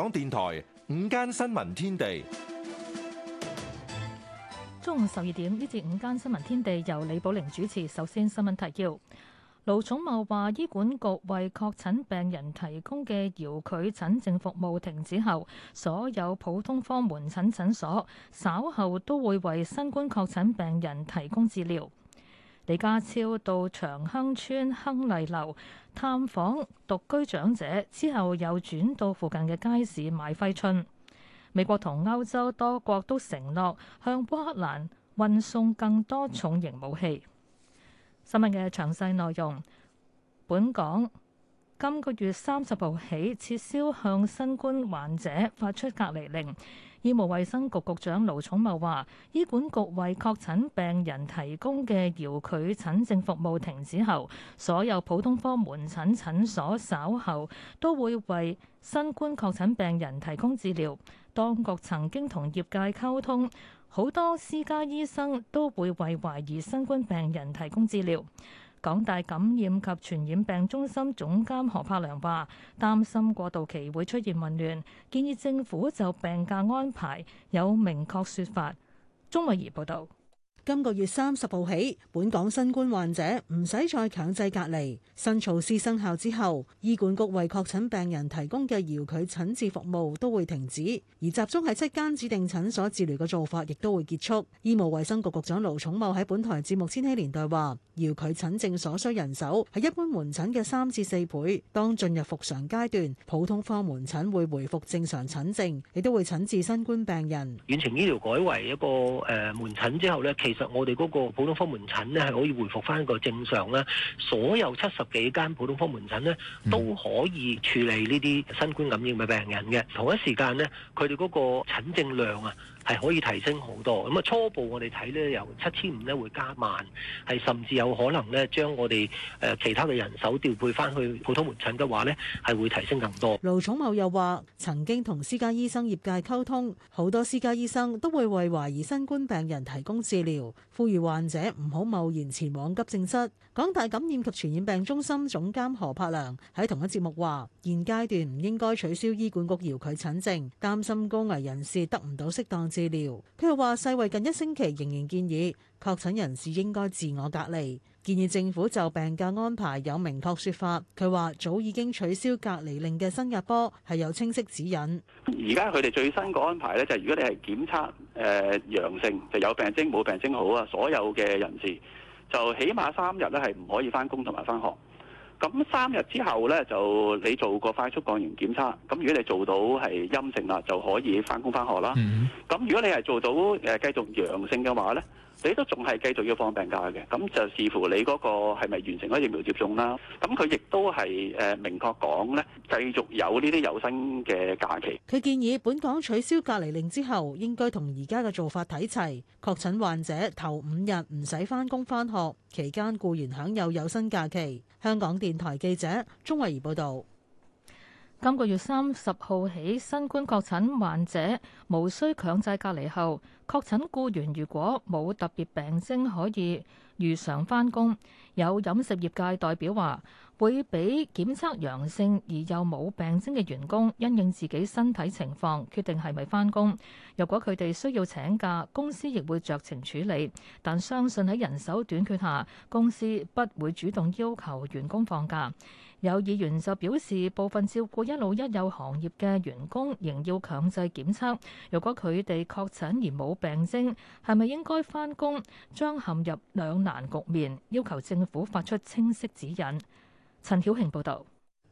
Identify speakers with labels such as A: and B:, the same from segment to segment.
A: 港電
B: 台午間新聞天地，
C: 中午十二點，呢節午間新聞天地由李寶玲主持。首先新聞提要：盧寵茂話，醫管局為確診病人提供嘅遙距診症服務停止後，所有普通科門診診所稍後都會為新冠確診病人提供治療。李家超到長亨村亨利樓探訪獨居長者，之後又轉到附近嘅街市買揮春。美國同歐洲多國都承諾向烏克蘭運送更多重型武器。新聞嘅詳細內容，本港。今個月三十號起，撤銷向新冠患者發出隔離令。醫務衛生局局長盧寵茂話：醫管局為確診病人提供嘅遙距診症服務停止後，所有普通科門診診所稍後都會為新冠確診病人提供治療。當局曾經同業界溝通，好多私家醫生都會為懷疑新冠病人提供治療。港大感染及傳染病中心總監何柏良話：擔心過渡期會出現混亂，建議
D: 政府就病假安排有明確說法。鐘慧儀報道。今個月三十號起，本港新冠患者唔使再強制隔離。新措施生效之後，醫管局為確診病人提供嘅遙距診治服務都會停止，而集中喺七間指定診所治療嘅做法亦都會結束。醫務衛生局局長盧寵茂喺本台節目《千禧年代》話：遙距診症所需人手係一般門診嘅三至四倍。當進入復常階段，普通科門診會回復正常診症，亦都會診治新冠病人。
E: 遠程醫療改為一個誒門診之後呢，其我哋嗰個普通科門診咧係可以回復翻個正常啦，所有七十幾間普通科門診咧都可以處理呢啲新冠感染嘅病人嘅，同一時間咧佢哋嗰個診症量啊。 係可以提升好多，咁啊初步我哋睇咧由七千五咧會加萬，係甚至有可能咧將我哋誒其他嘅人手調配翻去普通門診嘅話咧，係會提升更多。
D: 盧寵茂又話：曾經同私家醫生業界溝通，好多私家醫生都會為懷疑新冠病人提供治療，呼籲患者唔好貿然前往急症室。港大感染及傳染病中心總監何柏良喺同一節目話：現階段唔應該取消醫管局遙距診症，擔心高危人士得唔到適當治療。佢又話：世衞近一星期仍然建議確診人士應該自我隔離，建議政府就病假安排有明確説法。佢話：早已經取消隔離令嘅新加坡係有清晰指引。
F: 而家佢哋最新個安排咧、就是，就係如果你係檢測誒陽性，就有病徵冇病徵好啊，所有嘅人士。就起碼三日咧係唔可以返工同埋返學，咁三日之後咧就你做個快速抗原檢測，咁如果你做到係陰性啦，就可以返工返學啦。咁如果你係做到誒繼續陽性嘅話咧？你都仲係繼續要放病假嘅，咁就視乎你嗰個係咪完成咗疫苗接種啦。咁佢亦都係誒明確講咧，繼續有呢啲有薪嘅假期。
D: 佢建議本港取消隔離令之後，應該同而家嘅做法睇齊，確診患者頭五日唔使返工返學，期間固然享有有薪假期。香港電台記者鍾慧儀報道。今個月三十號起，新冠確
C: 診患者無需強制隔離。後確診僱員如果冇特別病徵，可以如常返工。有飲食業界代表話，會俾檢測陽性而又冇病徵嘅員工，因應自己身體情況決定係咪返工。若果佢哋需要請假，公司亦會酌情處理。但相信喺人手短缺下，公司不會主動要求員工放假。有議員就表示，部分照顧一老一幼行業嘅員工仍要強制檢測。如果佢哋確診而冇病徵，係咪應該返工，將陷入兩難局面？要求政府發出清晰指引。陳曉慶報道。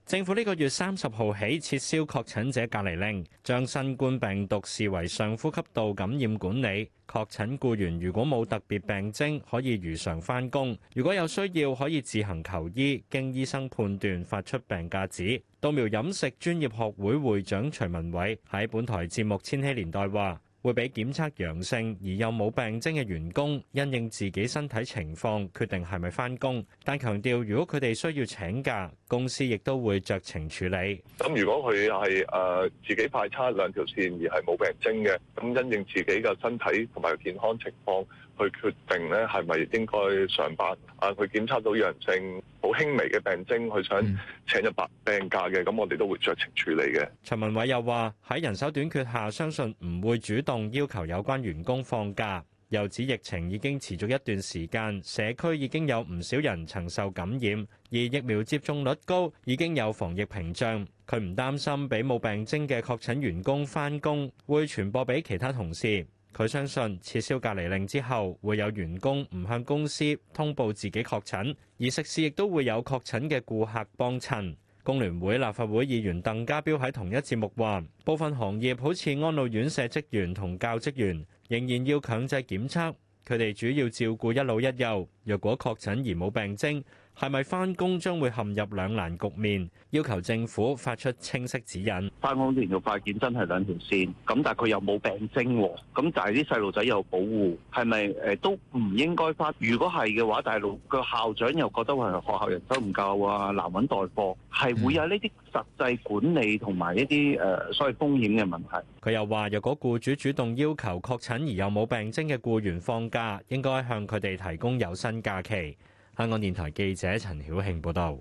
B: 政府呢個月三十號起撤銷確診者隔離令，將新冠病毒視為上呼吸道感染管理。確診僱員如果冇特別病徵，可以如常返工；如果有需要，可以自行求醫，經醫生判斷發出病假紙。稻苗飲食專業學會會長徐文偉喺本台節目《千禧年代》話。會俾檢測陽性而又冇病徵嘅員工，因應自己身體情況決定係咪返工。但強調，如果佢哋需要請假，公司亦都會酌情處理。
G: 咁如果佢係誒自己派差兩條線而係冇病徵嘅，咁因應自己嘅身體同埋健康情況，去決定咧係咪應該上班？啊，佢檢測到陽性、好輕微嘅病徵，佢想請日白病假嘅，咁我哋都會酌情處理嘅。
B: 陳文偉又話：喺人手短缺下，相信唔會主動要求有關員工放假。又指疫情已經持續一段時間，社區已經有唔少人曾受感染，而疫苗接種率高，已經有防疫屏障。佢唔擔心俾冇病徵嘅確診員工返工，會傳播俾其他同事。佢相信，撤銷隔離令之後，會有員工唔向公司通報自己確診，而食肆亦都會有確診嘅顧客幫襯。工聯會立法會議員鄧家彪喺同一節目話，部分行業好似安老院舍職員同教職員，仍然要強制檢測，佢哋主要照顧一老一幼，若果確診而冇病徵，係咪翻工將會陷入兩難局面？要求政府發出清晰指引。翻工之前做快檢真係兩
F: 條線，咁但係佢又冇病徵，咁就係啲細路仔又有保護，係咪誒都唔應該翻？如果係嘅話，大陸個校長又覺得話學校人手唔夠啊，難揾代課，係會有呢啲實際管理同埋一啲誒所謂風險嘅問題。
B: 佢、嗯、又話：若果僱主主動要求確診而又冇病徵嘅僱員放假，應該向佢哋提供有薪假期。香港電台記者陳曉慶報道，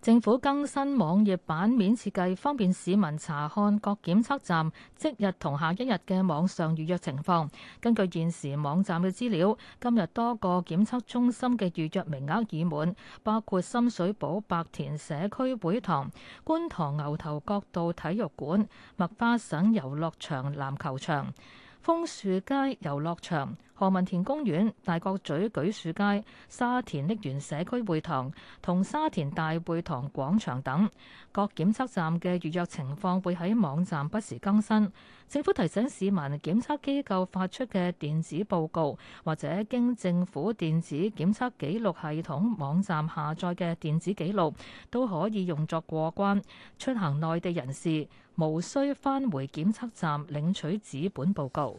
C: 政府更新網頁版面設計，方便市民查看各檢測站即日同下一日嘅網上預約情況。根據現時網站嘅資料，今日多個檢測中心嘅預約名額已滿，包括深水埗、白田社區會堂、觀塘牛頭角道體育館、麥花臣遊樂場籃球場。楓樹街遊樂場、何文田公園、大角咀舉樹街、沙田瀝源社區會堂同沙田大會堂廣場等各檢測站嘅預約情況會喺網站不時更新。政府提醒市民，檢測機構發出嘅電子報告或者經政府電子檢測記錄系統網站下載嘅電子記錄，都可以用作過關出行內地人士。無需返回檢測站領取紙本報告。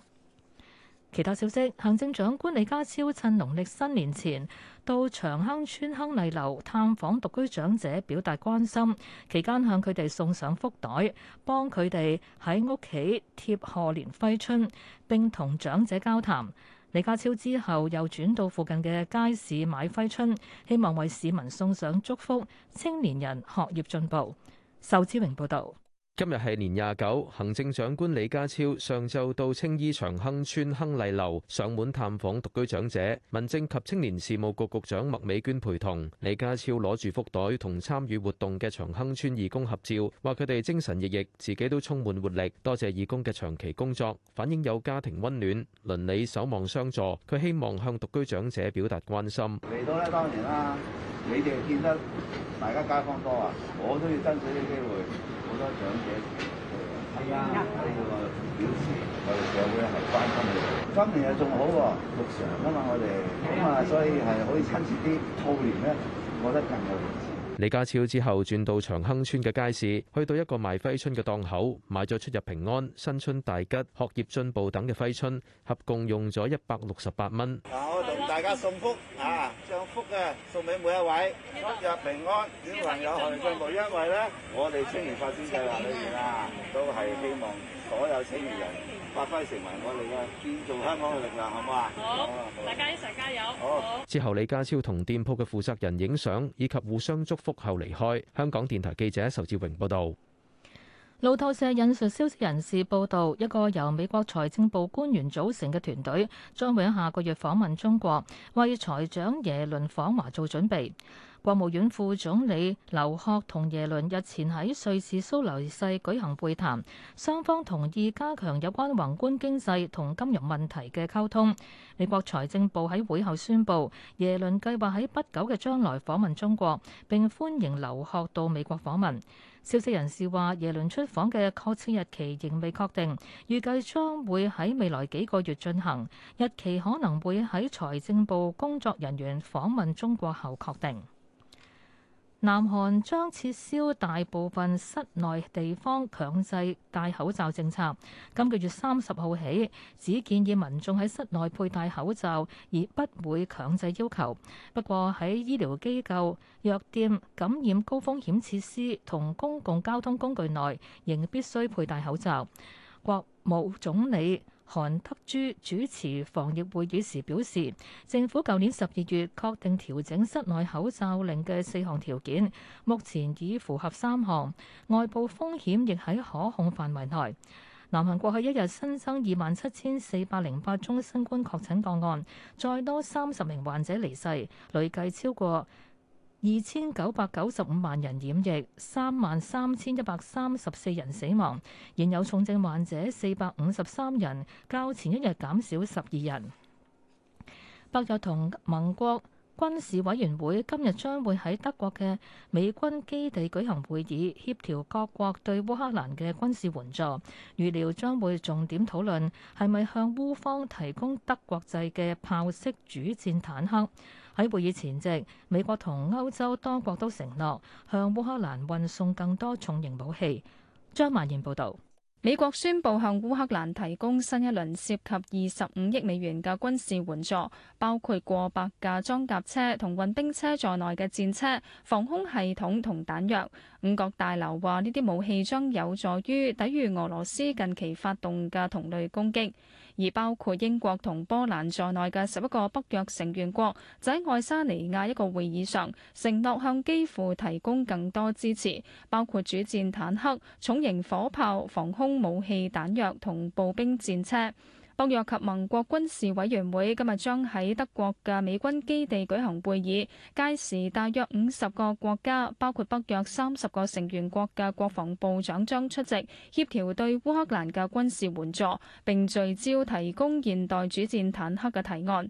C: 其他消息，行政長官李家超趁農曆新年前到長亨村亨麗樓探訪獨居長者，表達關心。期間向佢哋送上福袋，幫佢哋喺屋企貼賀年揮春，並同長者交談。李家超之後又轉到附近嘅街市買揮春，希望為市民送上祝福。青年人學業進步。仇志榮報道。
A: 今日係年廿九，行政長官李家超上晝到青衣長亨村亨麗樓上門探訪獨居長者，民政及青年事務局局長麥美娟陪同。李家超攞住福袋同參與活動嘅長亨村義工合照，話佢哋精神奕奕，自己都充滿活力。多謝義工嘅長期工作，反映有家庭溫暖、鄰里守望相助。佢希望向獨居長者表達關心。
H: 嚟到咧，當然啦，你哋見得大家街坊多啊，我都要珍惜啲機會。多長者係啊，表示我哋社會係關心嘅。今年啊，仲好喎，六常啊嘛，我哋咁啊，所以係可以親切啲。兔年咧，我覺得更有
A: 李家超之後轉到長亨村嘅街市，去到一個賣揮春嘅檔口，買咗出入平安、新春大吉、學業進步等嘅揮春，合共用咗一百六十八蚊。
E: 嗱，我同大家送福啊，將福嘅送俾每一位。出入平安，願小朋友學業進步。因為咧，我哋青年發展計劃裏面啊，都
I: 係希望
E: 所有青年人。發揮成為我哋嘅建造香港嘅力量，好唔好啊？好，好大家一齊加油！好。好
A: 之後，李家超同店鋪嘅負責人影相，以及互相祝福後離開。香港電台記者仇志榮報導。
C: 路透社引述消息人士報導，一個由美國財政部官員組成嘅團隊，將會喺下個月訪問中國，為財長耶倫訪華做準備。國務院副總理劉鶴同耶倫日前喺瑞士蘇黎世舉行會談，雙方同意加強有關宏觀經濟同金融問題嘅溝通。美國財政部喺會後宣布，耶倫計劃喺不久嘅將來訪問中國，並歡迎劉鶴到美國訪問。消息人士話，耶倫出訪嘅確切日期仍未確定，預計將會喺未來幾個月進行，日期可能會喺財政部工作人員訪問中國後確定。南韓將撤銷大部分室內地方強制戴口罩政策，今個月三十號起，只建議民眾喺室內佩戴口罩，而不會強制要求。不過，喺醫療機構、藥店、感染高風險設施同公共交通工具內，仍必須佩戴口罩。國務總理韓德珠主持防疫會議時表示，政府舊年十二月確定調整室內口罩令嘅四項條件，目前已符合三項，外部風險亦喺可控範圍內，南韓過去一日新增二萬七千四百零八宗新冠確診個案，再多三十名患者離世，累計超過。二千九百九十五萬人染疫，三萬三千一百三十四人死亡，現有重症患者四百五十三人，較前一日減少十二人。北約同盟國軍事委員會今日將會喺德國嘅美軍基地舉行會議，協調各國對烏克蘭嘅軍事援助。預料將會重點討論係咪向烏方提供德國製嘅豹式主戰坦克。喺會議前夕，美國同歐洲多國都承諾
I: 向烏克蘭運送更多重型武器。張萬賢報導，美國宣布向烏克蘭提供新一輪涉及二十五億美元嘅軍事援助，包括過百架裝甲車同運兵車在內嘅戰車、防空系統同彈藥。五角大樓話呢啲武器將有助於抵禦俄羅斯近期發動嘅同類攻擊。而包括英國同波蘭在內嘅十一個北約成員國，就喺愛沙尼亞一個會議上，承諾向基輔提供更多支持，包括主戰坦克、重型火炮、防空武器、彈藥同步兵戰車。北約及盟國軍事委員會今日將喺德國嘅美軍基地舉行會議，屆時大約五十個國家，包括北約三十個成員國嘅國防部長將出席，協調對烏克蘭嘅軍事援助，並聚焦提供現代主戰坦克嘅提案。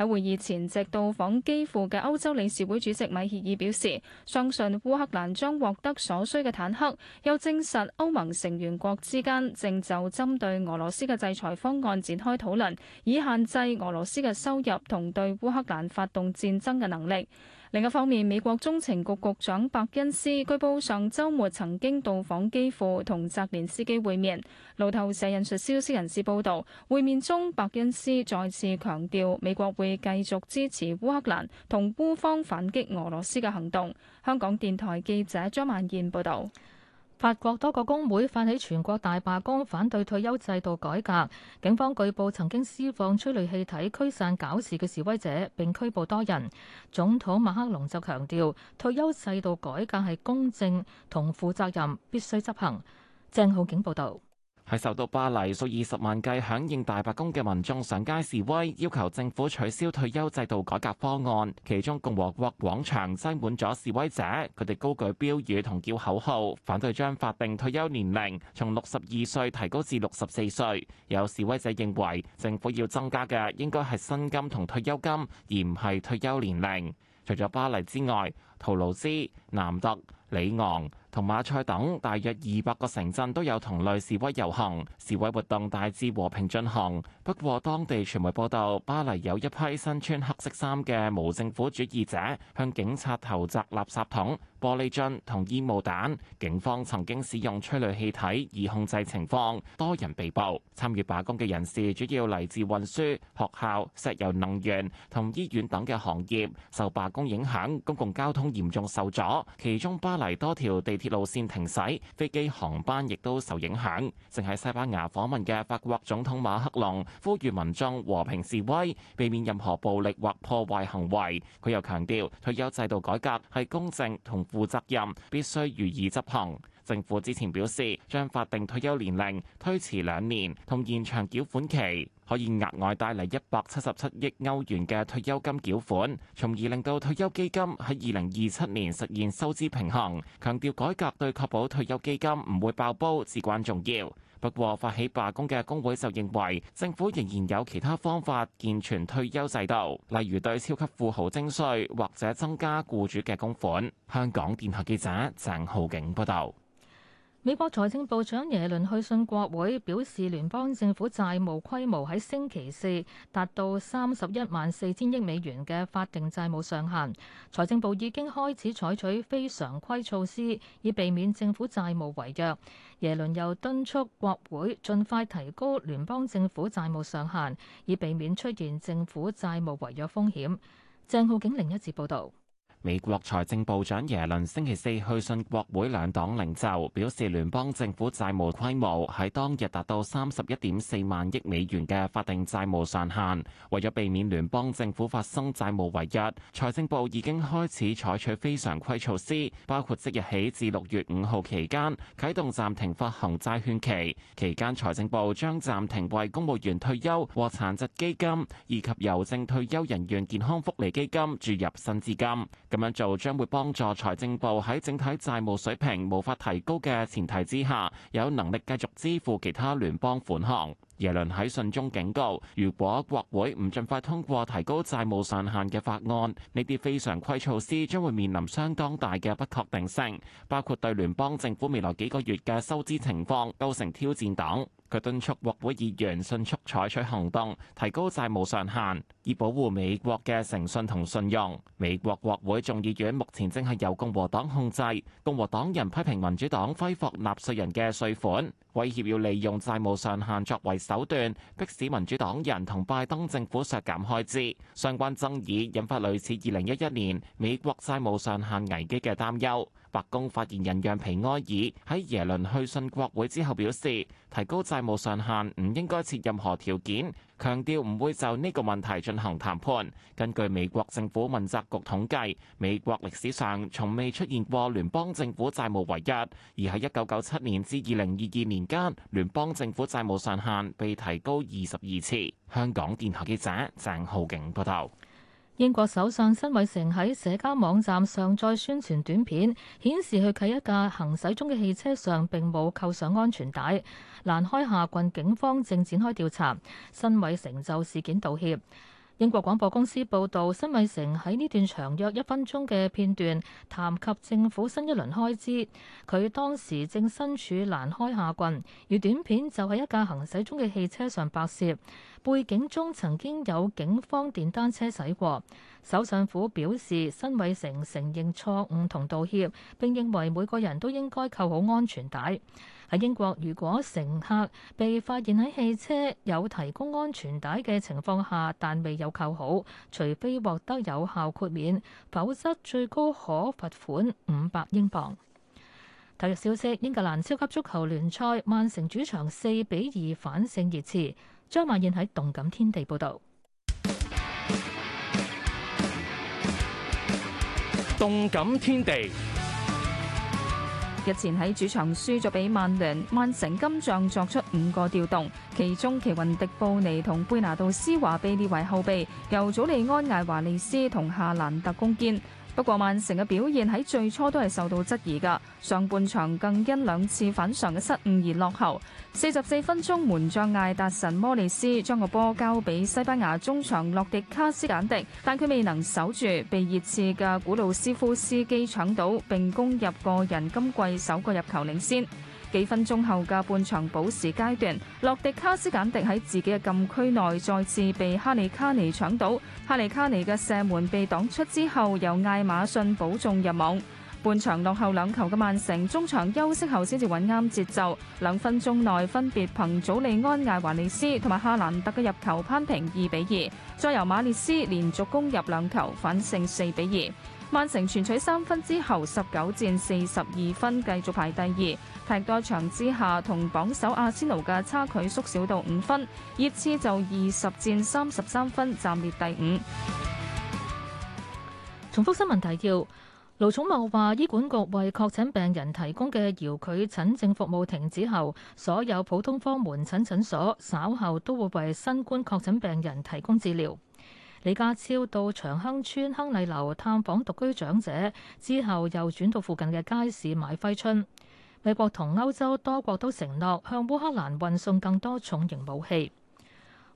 I: 喺會議前夕到訪基輔嘅歐洲理事會主席米歇爾表示，相信烏克蘭將獲得所需嘅坦克，又證實歐盟成員國之間正就針對俄羅斯嘅制裁方案展開討論，以限制俄羅斯嘅收入同對烏克蘭發動戰爭嘅能力。另一方面，美國中情局局長伯恩斯據報上週末曾經到訪基輔同澤連斯基會面。路透社引述消息人士報道，會面中白恩斯再次強調美國會。繼續支持烏克蘭同烏方反擊俄羅斯嘅行動。香港電台記者張曼燕報道，法國多個工會發起全國大罷工，反對退休制
C: 度改革。警方據報曾經施放催淚氣體驅散搞事嘅示威者，並拘捕多人。總統馬克龍就強調，退休制度改革係公正同負責任，必須執行。鄭浩景報道。
E: 喺受到巴黎數二十萬計響應大罷工嘅民眾上街示威，要求政府取消退休制度改革方案。其中共和國廣場擠滿咗示威者，佢哋高舉標語同叫口號，反對將法定退休年齡從六十二歲提高至六十四歲。有示威者認為，政府要增加嘅應該係薪金同退休金，而唔係退休年齡。除咗巴黎之外，圖盧茲、南特、里昂、同馬賽等大約二百個城鎮都有同類示威遊行，示威活動大致和平進行。不過當地傳媒報道，巴黎有一批身穿黑色衫嘅無政府主義者向警察投擲垃圾桶、玻璃樽同煙霧彈，警方曾經使用催淚氣體以控制情況，多人被捕。參與罷工嘅人士主要嚟自運輸、學校、石油能源同醫院等嘅行業。受罷工影響，公共交通嚴重受阻，其中巴黎多條地鐵路線停駛，飛機航班亦都受影響。正喺西班牙訪問嘅法國總統馬克龍呼籲民眾和平示威，避免任何暴力或破壞行為。佢又強調，退休制度改革係公正同負責任，必須如期執行。政府之前表示，將法定退休年齡推遲兩年，同延長繳款期，可以額外帶嚟一百七十七億歐元嘅退休金繳款，從而令到退休基金喺二零二七年實現收支平衡。強調改革對確保退休基金唔會爆煲至關重要。不過發起罷工嘅工會就認為，政府仍然有其他方法健全退休制度，例如對超級富豪徵稅或者增加僱主嘅供款。香港電台記者鄭浩景報道。
C: 美國財政部長耶倫去信國會，表示聯邦政府債務規模喺星期四達到三十一萬四千億美元嘅法定債務上限。財政部已經開始採取非常規措施，以避免政府債務違約。耶倫又敦促國會盡快提高聯邦政府債務上限，以避免出現政府債務違約風險。鄭浩景另一次報道。
E: 美國財政部長耶倫星期四去信國會兩黨領袖，表示聯邦政府債務規模喺當日達到三十一點四萬億美元嘅法定債務上限。為咗避免聯邦政府發生債務違約，財政部已經開始採取非常規措施，包括即日起至六月五號期間啟動暫停發行債券期。期間財政部將暫停為公務員退休和殘疾基金以及郵政退休人員健康福利基金注入新資金。咁樣做將會幫助財政部喺整體債務水平無法提高嘅前提之下，有能力繼續支付其他聯邦款項。耶倫喺信中警告，如果國會唔盡快通過提高債務上限嘅法案，呢啲非常規措施將會面臨相當大嘅不確定性，包括對聯邦政府未來幾個月嘅收支情況構成挑戰等。佢敦促國會議員迅速採取行動，提高債務上限，以保護美國嘅誠信同信用。美國國會眾議院目前正係由共和黨控制，共和黨人批評民主黨揮霍納稅人嘅稅款。威脅要利用債務上限作為手段，迫使民主黨人同拜登政府削減開支。相關爭議引發類似二零一一年美國債務上限危機嘅擔憂。白宮發言人讓皮埃爾喺耶倫去信國會之後表示，提高債務上限唔應該設任何條件，強調唔會就呢個問題進行談判。根據美國政府問責局統計，美國歷史上從未出現過聯邦政府債務違約，而喺一九九七年至二零二二年間，聯邦政府債務上限被提高二十二次。香港電台記者鄭浩景報道。英
C: 國首相辛偉誠喺社交網站上載宣傳短片，顯示佢喺一架行駛中嘅汽車上並冇扣上安全帶。蘭開夏郡警方正展開調查，辛偉誠就事件道歉。英國廣播公司報導，辛偉誠喺呢段長約一分鐘嘅片段談及政府新一輪開支，佢當時正身處蘭開夏郡，而短片就喺一架行駛中嘅汽車上拍攝，背景中曾經有警方電單車駛過。首相府表示，辛偉誠承認錯誤同道歉，並認為每個人都應該扣好安全帶。喺英國，如果乘客被發現喺汽車有提供安全帶嘅情況下，但未有扣好，除非獲得有效豁免，否則最高可罰款五百英鎊。體育消息，英格蘭超級足球聯賽曼城主場四比二反勝熱刺。張曼燕喺動感天地報導。
F: 動感天地。
I: 日前喺主場輸咗俾曼聯，曼城今仗作出五個調動，其中奇雲迪布尼同貝拿度斯華被列為後備，由祖利安艾華利斯同夏蘭特攻堅。不過曼城嘅表現喺最初都係受到質疑㗎，上半場更因兩次反常嘅失誤而落後。四十四分鐘門將艾達臣摩利斯將個波交俾西班牙中場洛迪卡斯簡迪，但佢未能守住，被熱刺嘅古魯斯夫斯基搶到並攻入個人今季首個入球，領先。幾分鐘後嘅半場補時階段，洛迪卡斯簡迪喺自己嘅禁區內再次被哈利卡尼搶到，哈利卡尼嘅射門被擋出之後，由艾馬遜保中入網。半場落後兩球嘅曼城，中場休息後先至揾啱節奏，兩分鐘內分別憑祖利安艾華尼斯同埋哈蘭德嘅入球攀平二比二，再由馬列斯連續攻入兩球，反勝四比二。曼城全取三分之後，十九戰四十二分，繼續排第二。踢多場之下，同榜首阿仙奴嘅差距縮小到五分。熱刺就二十戰三十三分，暫列第五。
C: 重複新聞提要：盧寵茂話，醫管局為確診病人提供嘅遙距診症服務停止後，所有普通科門診診所稍後都會為新冠確診病人提供治療。李家超到長亨村亨利樓探訪獨居長者之後，又轉到附近嘅街市買揮春。美國同歐洲多國都承諾向烏克蘭運送更多重型武器。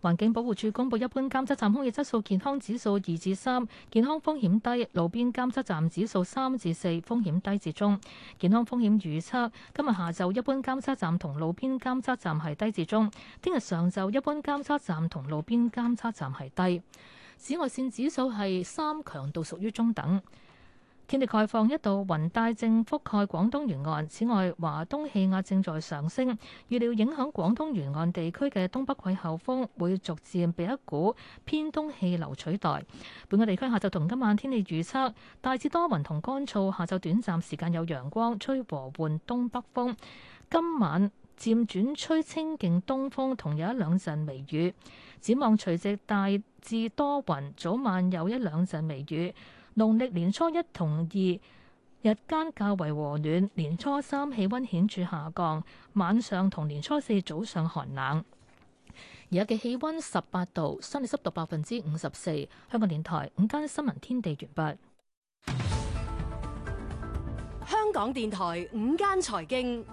C: 環境保護署公布一般監測站空氣質素健康指數二至三，3，健康風險低；路邊監測站指數三至四，4，風險低至中。健康風險預測今日下晝一般監測站同路邊監測站係低至中，聽日上晝一般監測站同路邊監測站係低，低。紫外線指數係三，強度屬於中等。天氣概況，一度雲帶正覆蓋廣東沿岸。此外，華東氣壓正在上升，預料影響廣東沿岸地區嘅東北季候風會逐漸被一股偏東氣流取代。本港地區下晝同今晚天氣預測，大致多雲同乾燥，下晝短暫時間有陽光，吹和緩東北風。今晚漸轉吹清勁東風，同有一兩陣微雨。展望除夕大致多雲，早晚有一兩陣微雨。農曆年初一同二日間較為和暖，年初三氣溫顯著下降，晚上同年初四早上寒冷。而家嘅氣溫十八度，相對濕度百分之五十四。香港電台午間新聞天地完畢。
D: 香港電台午間財經。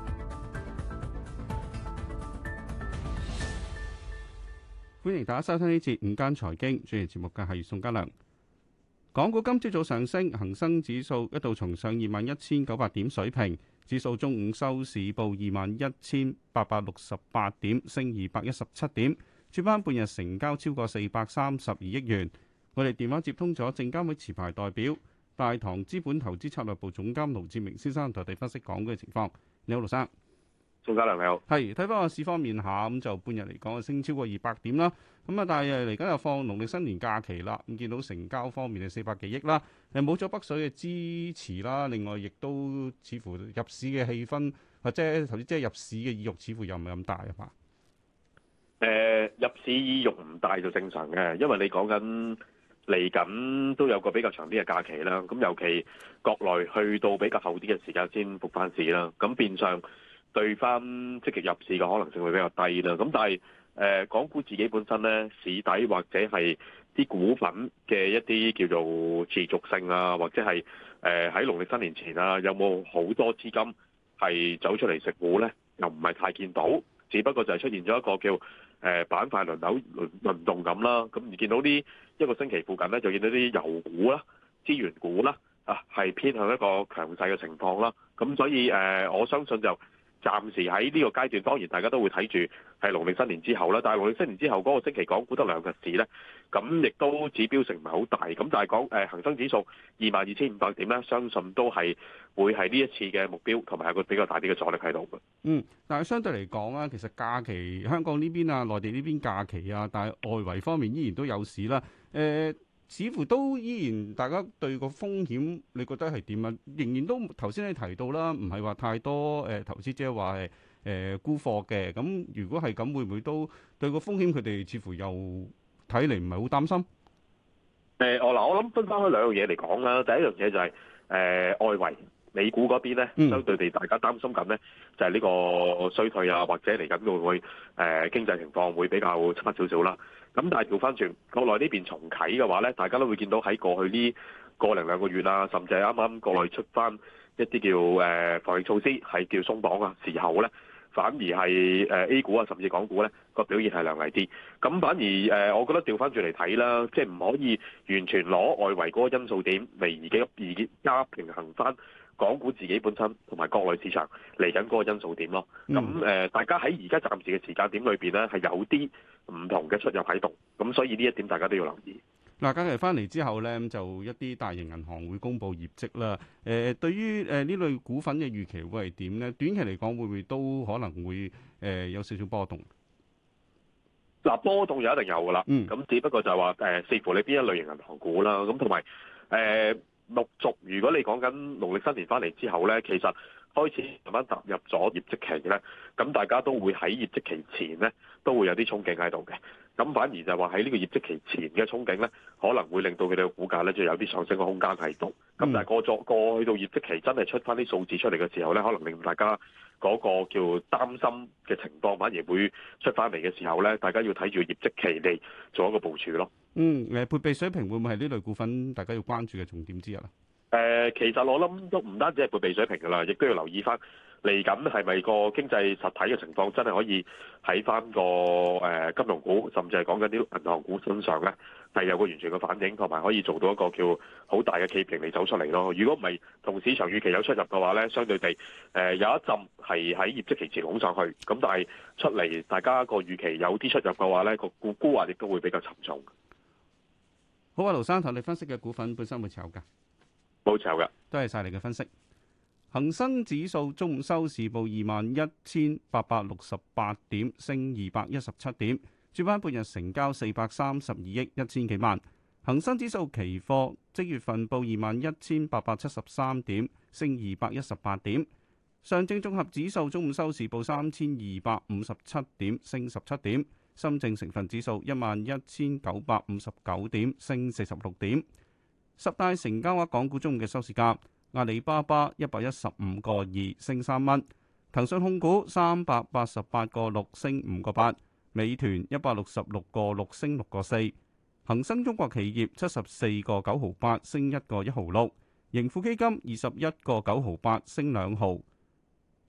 H: 歡迎大家收聽呢節午間財經，主持節目嘅係宋家良。港股今朝早上升，恒生指數一度重上二萬一千九百點水平，指數中午收市報二萬一千八百六十八點，升二百一十七點，主板半日成交超過四百三十二億元。我哋電話接通咗證監會持牌代表大堂資本投資策略部總監盧志明先生，特地分析港股嘅情況。你好，盧生。鍾嘉良，你好，係睇翻個市方面下，咁、嗯、就半日嚟講升超過二百點啦。咁、嗯、啊，但係嚟緊又放農曆新年假期啦。咁、嗯、見到成交方面就四百幾億啦，誒冇咗北水嘅支持啦。另外，亦都似乎入市嘅氣氛，或者頭先即係入市嘅意慾，似乎又唔係咁大啊嘛。
F: 誒、呃，入市意慾唔大就正常嘅，因為你講緊嚟緊都有個比較長啲嘅假期啦。咁尤其國內去到比較後啲嘅時間先復翻市啦。咁變相。對翻積極入市嘅可能性會比較低啦。咁但係誒，港、呃、股自己本身咧市底或者係啲股份嘅一啲叫做持續性啊，或者係誒喺農曆新年前啊，有冇好多資金係走出嚟食股咧？又唔係太見到，只不過就係出現咗一個叫誒板塊輪流輪輪動咁啦。咁而見到呢一個星期附近咧，就見到啲油股啦、啊、資源股啦啊，係偏向一個強勢嘅情況啦。咁所以誒、呃，我相信就。暫時喺呢個階段，當然大家都會睇住係農曆新年之後啦。但係農曆新年之後嗰、那個星期，港股得兩日市咧，咁亦都指標性唔係好大。咁但係講誒，恆生指數二萬二千五百點咧，相信都係會係呢一次嘅目標，同埋係個比較大啲嘅阻力喺度。嗯，
H: 但係相對嚟講啊，其實假期香港呢邊啊，內地呢邊假期啊，但係外圍方面依然都有市啦。誒、欸。似乎都依然大家對個風險你覺得係點啊？仍然都頭先你提到啦，唔係話太多誒投資者話係誒沽貨嘅。咁如果係咁，會唔會都對個風險佢哋似乎又睇嚟唔係好擔心？
F: 誒，我嗱我諗分開兩樣嘢嚟講啦。第一樣嘢就係誒外圍。美股嗰邊咧，相對地大家擔心緊咧，就係呢個衰退啊，或者嚟緊會唔會誒經濟情況會比較差少少啦。咁但係調翻轉國內呢邊重啓嘅話咧，大家都會見到喺過去呢個零兩個月啊，甚至啱啱國內出翻一啲叫誒防疫措施係叫鬆綁嘅時候咧，反而係誒 A 股啊，甚至港股咧，個表現係良啲。咁反而誒，我覺得調翻轉嚟睇啦，即係唔可以完全攞外圍嗰個因素點嚟而家而家平衡翻。港股自己本身同埋國內市場嚟緊嗰個因素點咯，咁誒、嗯、大家喺而家暫時嘅時間點裏邊呢，係有啲唔同嘅出入喺度。咁所以呢一點大家都要留意。
H: 嗱，假期翻嚟之後呢，就一啲大型銀行會公布業績啦。誒、呃，對於誒呢類股份嘅預期會係點呢？短期嚟講會唔會都可能會誒有少少波動？
F: 嗱，波動就一定有噶啦，咁、嗯、只不過就係話誒，視乎你邊一類型銀行股啦，咁同埋誒。呃陸續，如果你講緊農曆新年翻嚟之後呢，其實開始慢慢踏入咗業績期呢，咁大家都會喺業績期前呢，都會有啲憧憬喺度嘅。咁反而就話喺呢個業績期前嘅憧憬咧，可能會令到佢哋嘅股價咧，就有啲上升嘅空間喺度。咁、嗯、但係過咗過去到業績期真係出翻啲數字出嚟嘅時候咧，可能令大家嗰個叫擔心嘅情況反而會出翻嚟嘅時候咧，大家要睇住業績期嚟做一個部署咯。
H: 嗯，誒、呃，撥備水平會唔會係呢類股份大家要關注嘅重點之一啊？誒、
F: 呃，其實我諗都唔單止係撥備水平噶啦，亦都要留意翻。嚟緊係咪個經濟實體嘅情況真係可以喺翻個誒金融股，甚至係講緊啲銀行股身上咧，係有個完全嘅反應，同埋可以做到一個叫好大嘅企業盈利走出嚟咯。如果唔係同市場預期有出入嘅話咧，相對地誒、呃、有一陣係喺業績期前拱上去，咁但係出嚟大家個預期有啲出入嘅話咧，個估估華亦都會比較沉重。
H: 好啊，盧生同你分析嘅股份本身會炒噶？冇炒㗎，多謝晒你嘅分析。恒生指數中午收市報二萬一千八百六十八點，升二百一十七點。主板半日成交四百三十二億一千幾萬。恒生指數期貨即月份報二萬一千八百七十三點，升二百一十八點。上證綜合指數中午收市報三千二百五十七點，升十七點。深證成分指數一萬一千九百五十九點，升四十六點。十大成交額港股中午嘅收市價。阿里巴巴一百一十五個二升三蚊，騰訊控股三百八十八個六升五個八，美團一百六十六個六升六個四，恒生中國企業七十四個九毫八升一個一毫六，盈富基金二十一個九毫八升兩毫，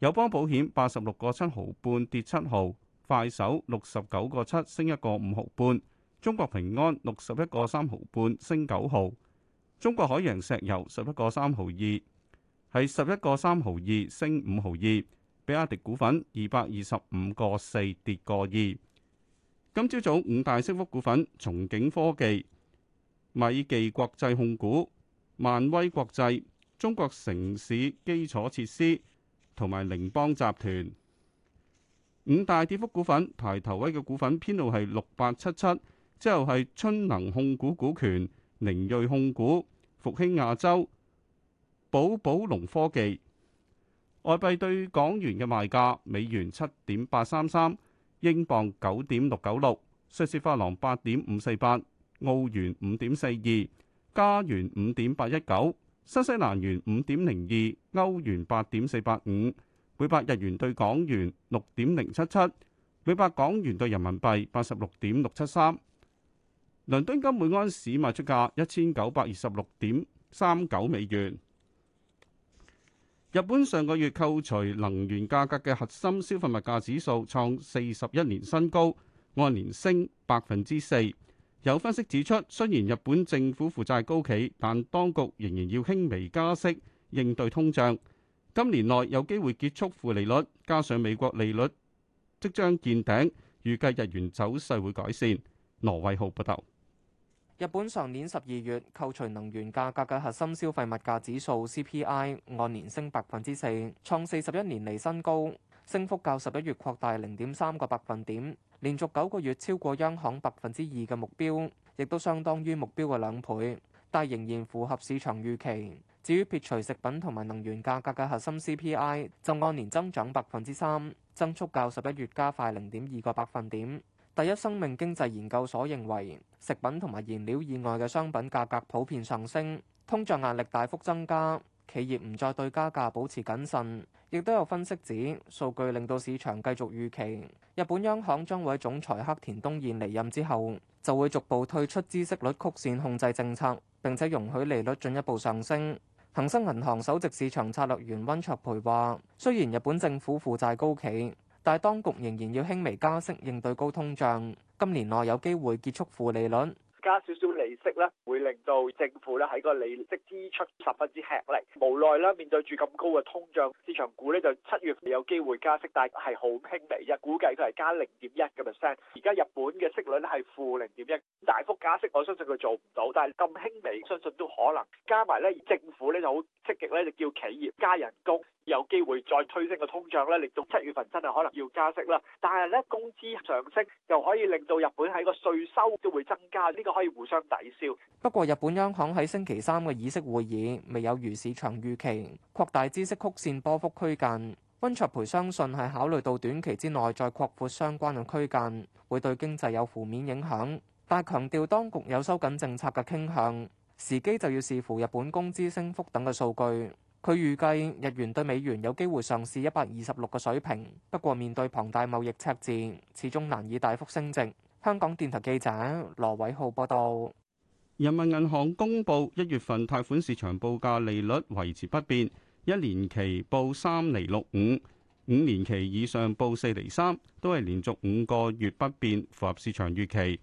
H: 友邦保險八十六個七毫半跌七毫，快手六十九個七升一個五毫半，中國平安六十一個三毫半升九毫。中國海洋石油十一個三毫二，係十一個三毫二升五毫二，比亞迪股份二百二十五個四跌過二。今朝早五大升幅股份：，松景科技、米記國際控股、萬威國際、中國城市基礎設施同埋寧邦集團。五大跌幅股份,股威幅股份排頭位嘅股份編號係六八七七，之後係春能控股股權、寧瑞控股。復興亞洲、寶寶龍科技，外幣對港元嘅賣價：美元七點八三三，英鎊九點六九六，瑞士法郎八點五四八，澳元五點四二，加元五點八一九，新西蘭元五點零二，歐元八點四八五，每百日元對港元六點零七七，每百港元對人民幣八十六點六七三。倫敦金每安士賣出價一千九百二十六點三九美元。日本上個月扣除能源價格嘅核心消費物價指數創四十一年新高，按年升百分之四。有分析指出，雖然日本政府負債高企，但當局仍然要輕微加息，應對通脹。今年內有機會結束負利率，加上美國利率即將見頂，預計日元走勢會改善。羅偉浩報道。
G: 日本上年十二月扣除能源價格嘅核心消費物價指數 CPI 按年升百分之四，創四十一年嚟新高，升幅較十一月擴大零點三個百分點，連續九個月超過央行百分之二嘅目標，亦都相當於目標嘅兩倍，但仍然符合市場預期。至於撇除食品同埋能源價格嘅核心 CPI 就按年增長百分之三，增速較十一月加快零點二個百分點。第一生命經濟研究所認為，食品同埋燃料以外嘅商品價格普遍上升，通脹壓力大幅增加，企業唔再對加價保持謹慎。亦都有分析指，數據令到市場繼續預期，日本央行將會喺總裁黑田東彥離任之後，就會逐步退出孳息率曲線控制政策，並且容許利率進一步上升。恒生銀行首席市場策略員温卓培話，雖然日本政府負債高企，但係當局仍然要輕微加息應對高通脹，今年內有機會結束負利率。
F: 加少少利息咧，會令到政府咧喺個利息支出十分之吃力。無奈啦，面對住咁高嘅通脹，市場估咧就七月有機會加息，但係好輕微，一估計都係加零點一嘅 percent。而家日本嘅息率咧係負零點一，大幅加息我相信佢做唔到，但係咁輕微相信都可能。加埋咧，政府咧就好積極咧，就叫企業加人工。有機會再推升個通脹咧，令到七月份真係可能要加息啦。但係咧，工資上升又可以令到日本喺個稅收都會增加，呢個可以互相抵消。
G: 不過，日本央行喺星期三嘅議息會議未有如市場預期擴大孳息曲線波幅區間。溫卓培相信係考慮到短期之內再擴闊相關嘅區間會對經濟有負面影響，但係強調當局有收緊政策嘅傾向，時機就要視乎日本工資升幅等嘅數據。佢預計日元對美元有機會上試一百二十六嘅水平，不過面對龐大貿易赤字，始終難以大幅升值。香港電台記者羅偉浩報道，人民銀行公佈一
H: 月份貸款市場報價利率維持不變，一年期報三厘六五，五年期以上報四厘三，都係連續五個月不變，符合市場預期。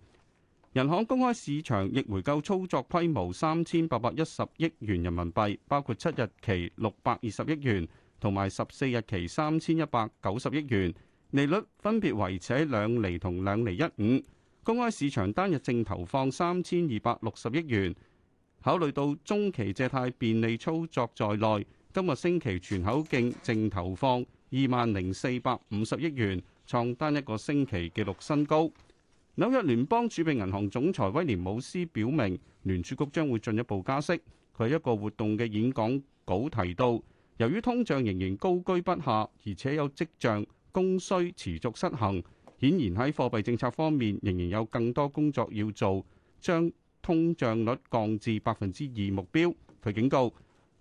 H: 人行公開市場逆回購操作規模三千八百一十億元人民幣，包括七日期六百二十億元，同埋十四日期三千一百九十億元，利率分別維持喺兩厘同兩厘一五。公開市場單日淨投放三千二百六十億元，考慮到中期借貸便利操作在內，今個星期全口徑淨投放二萬零四百五十億元，創單一個星期紀錄新高。紐約聯邦儲備銀行總裁威廉姆斯表明，聯儲局將會進一步加息。佢喺一個活動嘅演講稿提到，由於通脹仍然高居不下，而且有跡象供需持續失衡，顯然喺貨幣政策方面仍然有更多工作要做，將通脹率降至百分之二目標。佢警告，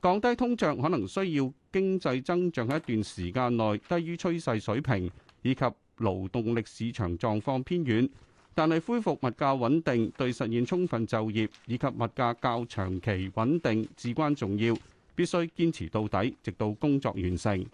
H: 降低通脹可能需要經濟增長喺一段時間內低於趨勢水平，以及勞動力市場狀況偏遠。但係，恢復物價穩定，對實現充分就業以及物價較長期穩定至關重要，必須堅持到底，直到工作完成。